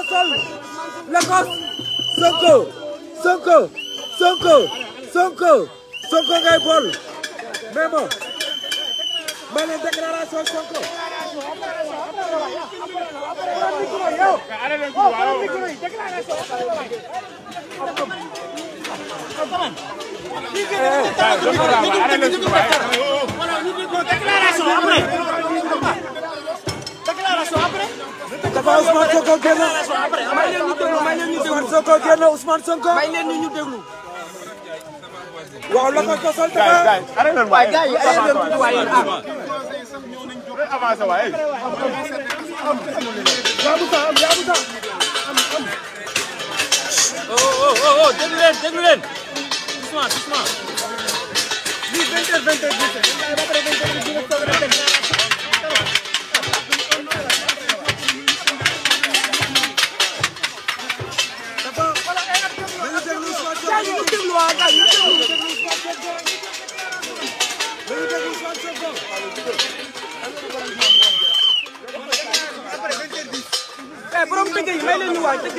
moo sol lakos Sonko Sonko Sonko Sonko ngay bool mais bon ma ne Sonko Sonko génn may leen ñu déglu may leen ñu déglu Ousmane Sonko génn Ousmane Sonko may leen ñu déglu waaw la ko kosal dama gaay arrêté leen waay gaay arrêté leen tuuti waay avancé ah. waay yaabuta am yaabuta oh, oh oh oh déglu leen déglu leen Ousmane Ousmane eh borom tëgg yi may leen ñu waay tëgg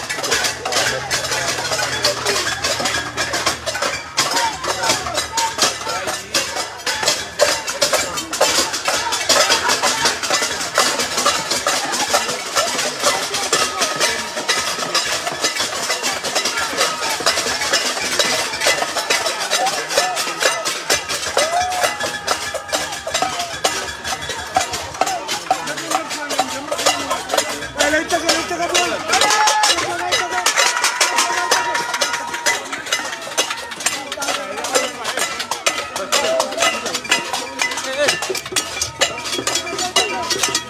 Thank you.